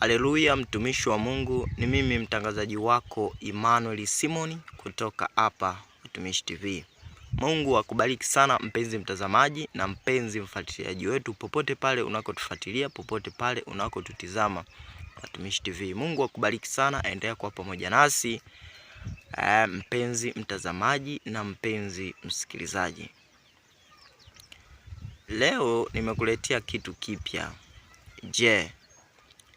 Haleluya, mtumishi wa Mungu, ni mimi mtangazaji wako Emmanuel Simoni kutoka hapa Utumishi TV. Mungu akubariki sana mpenzi mtazamaji na mpenzi mfuatiliaji wetu popote pale unakotufuatilia, popote pale unakotutizama Watumishi TV. Mungu akubariki sana, endelea kuwa pamoja nasi e, mpenzi mtazamaji na mpenzi msikilizaji. Leo nimekuletea kitu kipya. Je,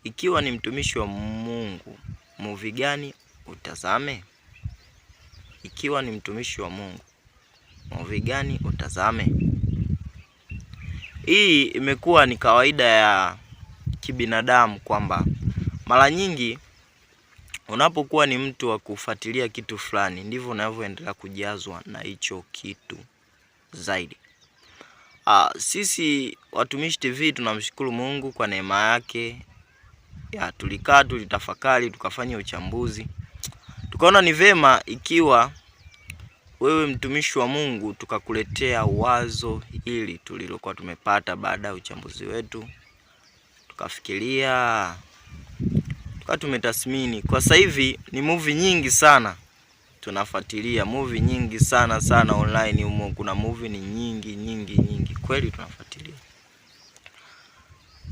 ikiwa ni mtumishi wa Mungu, muvi gani utazame? Ikiwa ni mtumishi wa Mungu, muvi gani utazame? Hii imekuwa ni kawaida ya kibinadamu kwamba mara nyingi unapokuwa ni mtu wa kufuatilia kitu fulani, ndivyo unavyoendelea kujazwa na hicho kitu zaidi. Aa, ah, sisi Watumishi TV tunamshukuru Mungu kwa neema yake ya tulikaa tulitafakari, tukafanya uchambuzi, tukaona ni vema ikiwa wewe mtumishi wa Mungu tukakuletea wazo hili tulilokuwa tumepata baada ya uchambuzi wetu, tukafikiria, tukawa tumetathmini. Kwa sasa hivi ni movie nyingi sana tunafuatilia movie nyingi sana sana online humo, kuna movie ni nyingi nyingi nyingi, kweli tunafuatilia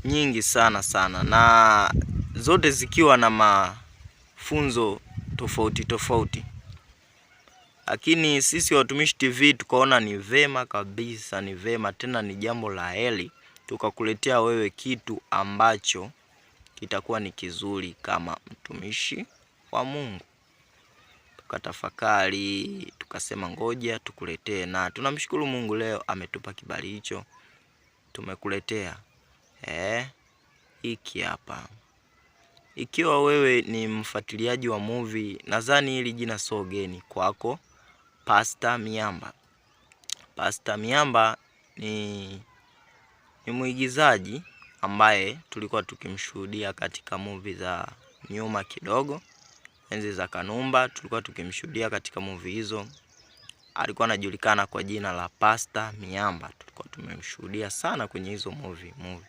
nyingi sana sana, na zote zikiwa na mafunzo tofauti tofauti, lakini sisi Watumishi TV tukaona ni vema kabisa, ni vema tena ni jambo la heri tukakuletea wewe kitu ambacho kitakuwa ni kizuri kama mtumishi wa Mungu. Tukatafakari, tukasema ngoja tukuletee, na tunamshukuru Mungu leo ametupa kibali hicho, tumekuletea. Eh, hiki hapa. Ikiwa wewe ni mfuatiliaji wa movie, nadhani hili jina sio geni kwako. Pasta Miamba. Pasta Miamba ni, ni mwigizaji ambaye tulikuwa tukimshuhudia katika movie za nyuma kidogo, enzi za Kanumba, tulikuwa tukimshuhudia katika movie hizo. Alikuwa anajulikana kwa jina la Pasta Miamba, tulikuwa tumemshuhudia sana kwenye hizo movie movie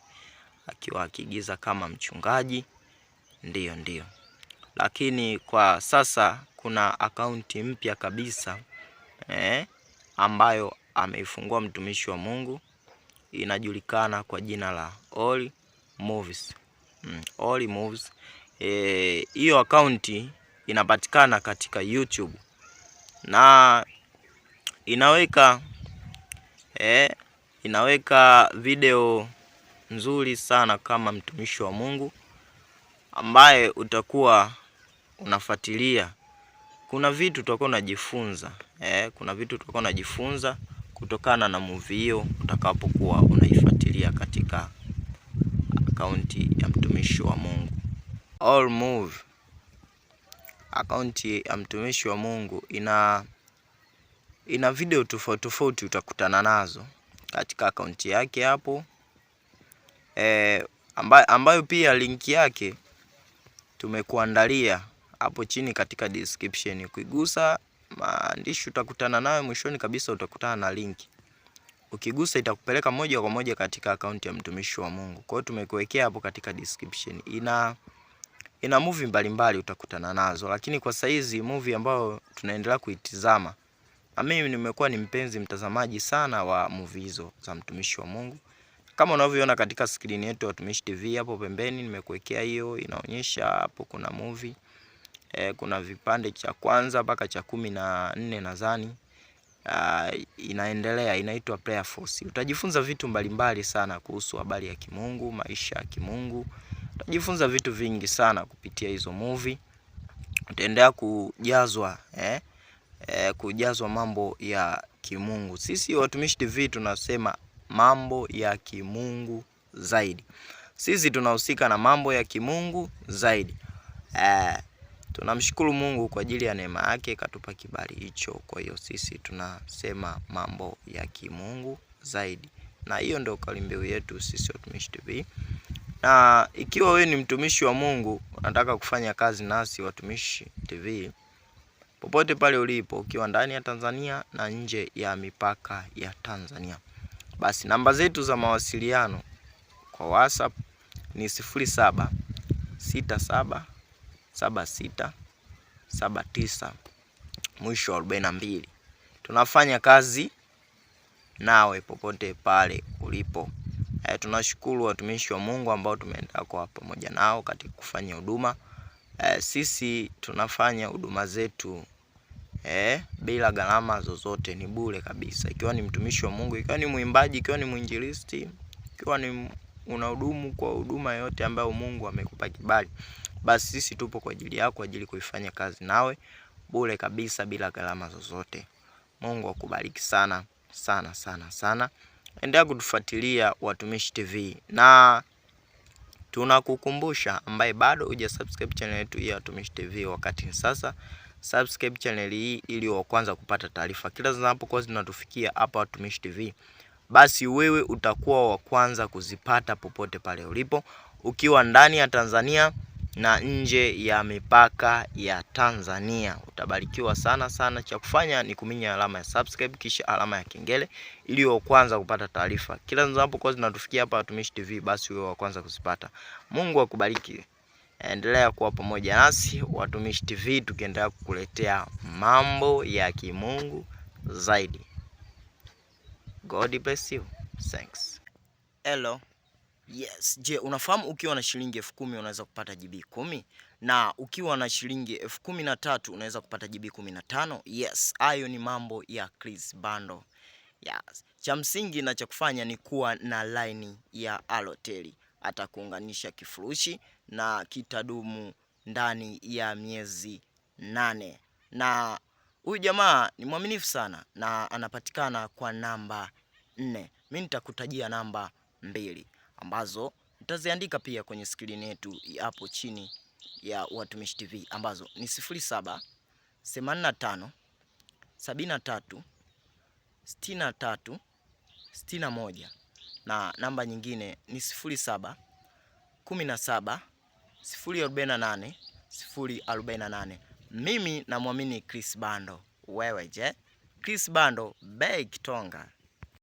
akiwa akiigiza kama mchungaji. Ndiyo, ndiyo. Lakini kwa sasa kuna akaunti mpya kabisa eh, ambayo ameifungua mtumishi wa Mungu inajulikana kwa jina la All Movies. Mm, All Movies. Eh, hiyo e, akaunti inapatikana katika YouTube na inaweka eh, inaweka video mzuri sana kama mtumishi wa Mungu ambaye utakuwa unafuatilia. Kuna vitu utakuwa unajifunza eh, kuna vitu tutakuwa unajifunza kutokana na movie hiyo utakapokuwa unaifuatilia katika akaunti ya mtumishi wa Mungu All Move. Akaunti ya mtumishi wa Mungu ina ina video tofauti tofauti utakutana nazo katika akaunti yake hapo e, eh, ambayo, ambayo pia linki yake tumekuandalia hapo chini katika description. Ukigusa maandishi utakutana nayo, mwishoni kabisa utakutana na linki. Ukigusa itakupeleka moja kwa moja katika akaunti ya mtumishi wa Mungu. Kwa hiyo tumekuwekea hapo katika description. Ina ina movie mbalimbali utakutana nazo, lakini kwa saizi movie ambayo tunaendelea kuitizama na mimi nimekuwa ni mpenzi mtazamaji sana wa movie hizo za mtumishi wa Mungu. Kama unavyoona katika skrini yetu Watumishi TV, hapo pembeni nimekuwekea hiyo, inaonyesha hapo kuna movie e, kuna vipande cha kwanza mpaka cha kumi na nne nadhani. Uh, inaendelea inaitwa Prayer Force. Utajifunza vitu mbalimbali sana kuhusu habari ya kimungu, maisha ya kimungu. Utajifunza vitu vingi sana kupitia hizo movie. Utaendelea kujazwa eh, eh, kujazwa mambo ya kimungu. Sisi Watumishi TV tunasema mambo ya kimungu zaidi. Sisi tunahusika na mambo ya kimungu zaidi. Eh, tunamshukuru Mungu kwa ajili ya neema yake katupa kibali hicho. Kwa hiyo sisi tunasema mambo ya kimungu zaidi, na hiyo ndio kauli mbiu yetu sisi Watumishi TV. Na ikiwa wewe ni mtumishi wa Mungu unataka kufanya kazi nasi Watumishi TV, popote pale ulipo, ukiwa ndani ya Tanzania na nje ya mipaka ya Tanzania basi namba zetu za mawasiliano kwa WhatsApp ni 07 67 76 79 mwisho wa mbili. Tunafanya kazi nawe popote pale ulipo. E, tunashukuru watumishi wa Mungu ambao tumeenda kwa pamoja nao katika kufanya huduma. E, sisi tunafanya huduma zetu eh, bila gharama zozote, ni bure kabisa. Ikiwa ni mtumishi wa Mungu, ikiwa ni mwimbaji, ikiwa ni mwinjilisti, ikiwa ni unahudumu kwa huduma yoyote ambayo Mungu amekupa kibali, basi sisi tupo kwa ajili yako, kwa ajili kuifanya kazi nawe bure kabisa, bila gharama zozote. Mungu akubariki sana sana sana sana. Endelea kutufuatilia Watumishi TV na tunakukumbusha, ambaye bado hujasubscribe channel yetu ya Watumishi TV, wakati ni sasa subscribe channel hii ili wa kwanza kupata taarifa kila zinapokuwa zinatufikia hapa Watumishi TV, basi wewe utakuwa wa kwanza kuzipata popote pale ulipo, ukiwa ndani ya Tanzania na nje ya mipaka ya Tanzania utabarikiwa sana sana. Cha kufanya ni kuminya alama ya subscribe kisha alama ya kengele ili wa kwanza kupata taarifa kila zinapokuwa zinatufikia hapa Watumishi TV, basi wewe wa kwanza kuzipata. Mungu akubariki endelea kuwa pamoja nasi Watumishi TV, tukiendelea kukuletea mambo ya kimungu zaidi. God bless you. Thanks. Hello. Yes. Je, unafahamu ukiwa na shilingi elfu kumi unaweza kupata jibii kumi na ukiwa na shilingi elfu kumi na tatu unaweza kupata jibii kumi na tano Yes, hayo ni mambo ya Chris Bando. Yes. Cha msingi na cha kufanya ni kuwa na laini ya Halotel atakuunganisha kifurushi na kitadumu ndani ya miezi nane. Na huyu jamaa ni mwaminifu sana na anapatikana kwa namba nne. Mi nitakutajia namba mbili ambazo nitaziandika pia kwenye skrini yetu hapo chini ya Watumishi TV ambazo ni 07 85 73 63 61 na namba nyingine ni saba 1saba 07 17 048 nane. Mimi namwamini Chris Bando, wewe je? Chris Bando bei kitonga.